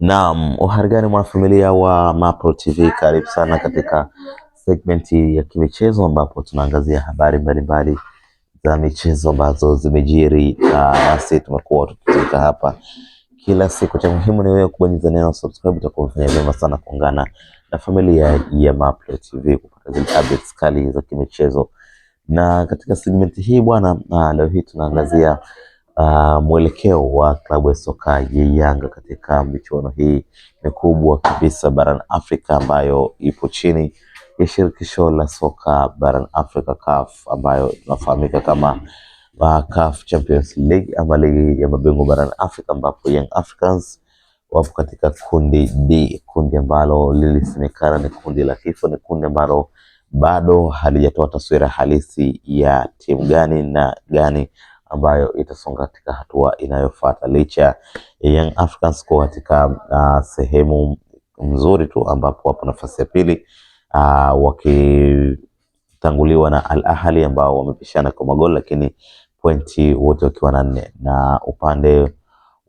Naam, uharigani gani mwanafamilia wa Mapro TV, karibu sana katika segmenti ya kimichezo ambapo tunaangazia habari mbalimbali za michezo ambazo zimejiri, nasi uh, tumekuwa tukizika hapa kila siku. Cha muhimu ni wewe kubonyeza neno subscribe, utakuwa umefanya vyema sana kuungana na familia ya Mapro TV kupata zile updates kali za kimichezo. Na katika segmenti hii bwana, ah, leo hii tunaangazia uh, mwelekeo wa klabu ya soka ya Yanga katika michuano hii mikubwa kabisa barani Afrika ambayo ipo chini ya shirikisho la soka barani Afrika CAF, ambayo inafahamika kama uh, CAF Champions League ama ligi ya mabingwa barani Afrika, ambapo Young Africans wapo katika kundi D, kundi ambalo lilisemekana ni kundi la kifo, ni kundi ambalo bado halijatoa taswira halisi ya timu gani na gani ambayo itasonga katika hatua inayofuata, licha ya Young Africans kuwa katika uh, sehemu nzuri tu ambapo wapo nafasi ya pili uh, wakitanguliwa na Al Ahli ambao wamepishana kwa magoli lakini pointi wote wakiwa na nne, na upande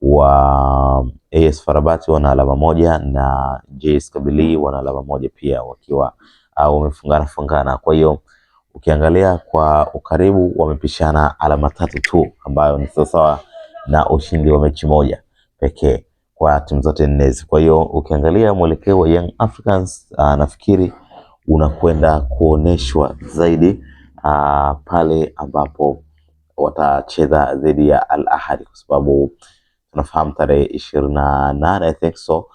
wa AS Farabati wana alama moja na JS Kabili wana alama moja pia wakiwa ah, wamefungana uh, fungana. Kwa hiyo Ukiangalia kwa ukaribu wamepishana alama tatu tu, ambayo ni sawasawa na ushindi wa mechi moja pekee kwa timu zote nne hizi. Kwa hiyo ukiangalia mwelekeo wa Young Africans uh, nafikiri unakwenda kuoneshwa zaidi uh, pale ambapo watacheza dhidi ya Al Ahly kwa sababu tunafahamu tarehe ishirini na nane I think so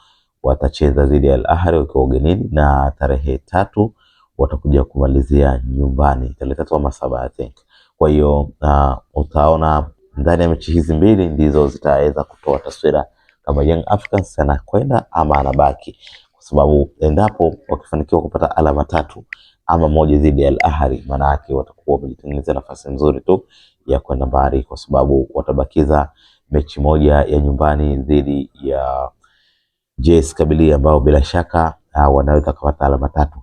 watacheza dhidi ya Al Ahly wakiwa ugenini na tarehe tatu watakuja kumalizia nyumbani tarehe tatu ama saba I think. Kwa hiyo uh, utaona ndani ya mechi hizi mbili ndizo zitaweza kutoa taswira kama Young Africans anakwenda ama anabaki, kwa sababu endapo wakifanikiwa kupata alama tatu ama moja dhidi ya Al Ahly, maana yake watakuwa wamejitengeneza nafasi nzuri tu ya kwenda mbali, kwa sababu watabakiza mechi moja ya nyumbani dhidi ya JS Kabylie ambao bila shaka uh, wanaweza kupata alama tatu.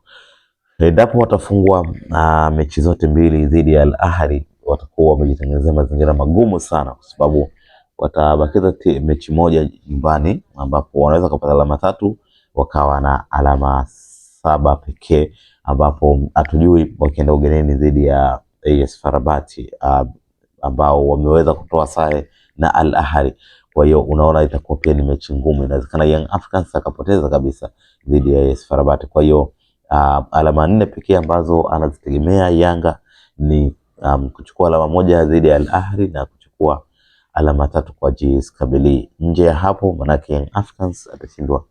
Eh, endapo watafungwa uh, ah, mechi zote mbili dhidi ya Al Ahly watakuwa wamejitengenezea mazingira magumu sana, kwa sababu watabakiza mechi moja nyumbani, ambapo wanaweza kupata alama tatu wakawa na alama saba pekee, ambapo hatujui wakienda ugenini dhidi ya AS Farabati uh, ah, ambao wameweza kutoa sare na Al Ahly. Kwa hiyo unaona itakuwa pia ni mechi ngumu, inawezekana Young Africans akapoteza kabisa dhidi ya AS Farabati. Kwa hiyo Uh, alama nne pekee ambazo anazitegemea Yanga ni um, kuchukua alama moja dhidi ya Al Ahli na kuchukua alama tatu kwa JS Kabylie. Nje ya hapo, manake Young Africans atashindwa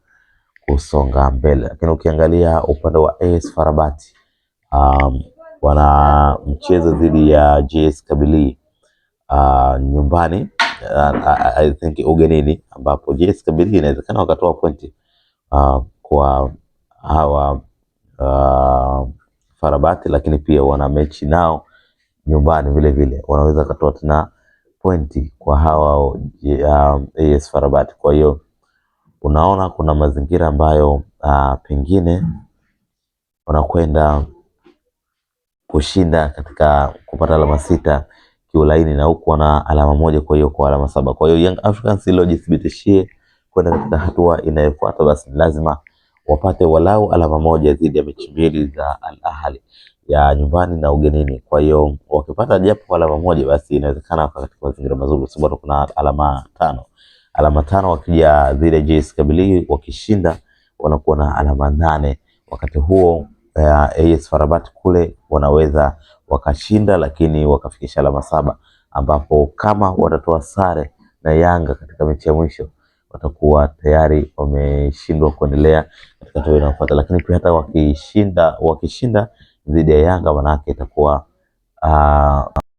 kusonga mbele, lakini ukiangalia upande wa AS Farabati um, wana mchezo dhidi ya JS Kabylie uh, nyumbani uh, I think ugenini, ambapo JS Kabylie inawezekana wakatoa pointi uh, kwa hawa uh, Farabati, lakini pia wana mechi nao nyumbani vile vile, wanaweza katoa tena pointi kwa hawa um, AS Farabati. Kwa hiyo unaona kuna mazingira ambayo uh, pengine wanakwenda kushinda katika kupata alama sita kiulaini na huku wana alama moja, kwa hiyo kwa alama saba. Kwa hiyo Young Africans ilojithibitishie kwenda katika hatua inayofuata, basi lazima wapate walau alama moja dhidi ya mechi mbili za Al Ahly ya nyumbani na ugenini. Kwa hiyo wakipata japo alama moja, basi inawezekana katika mazingira mazuri, kwa sababu kuna alama tano. Alama tano wakija dhidi ya JS Kabylie wakishinda, wanakuwa na alama nane. Wakati huo uh, eh, AS Farabat kule wanaweza wakashinda, lakini wakafikisha alama saba, ambapo kama watatoa sare na Yanga katika mechi ya mwisho watakuwa tayari wameshindwa kuendelea katika hatua inayofuata, lakini pia hata wakishinda wakishinda dhidi ya Yanga, manake itakuwa uh,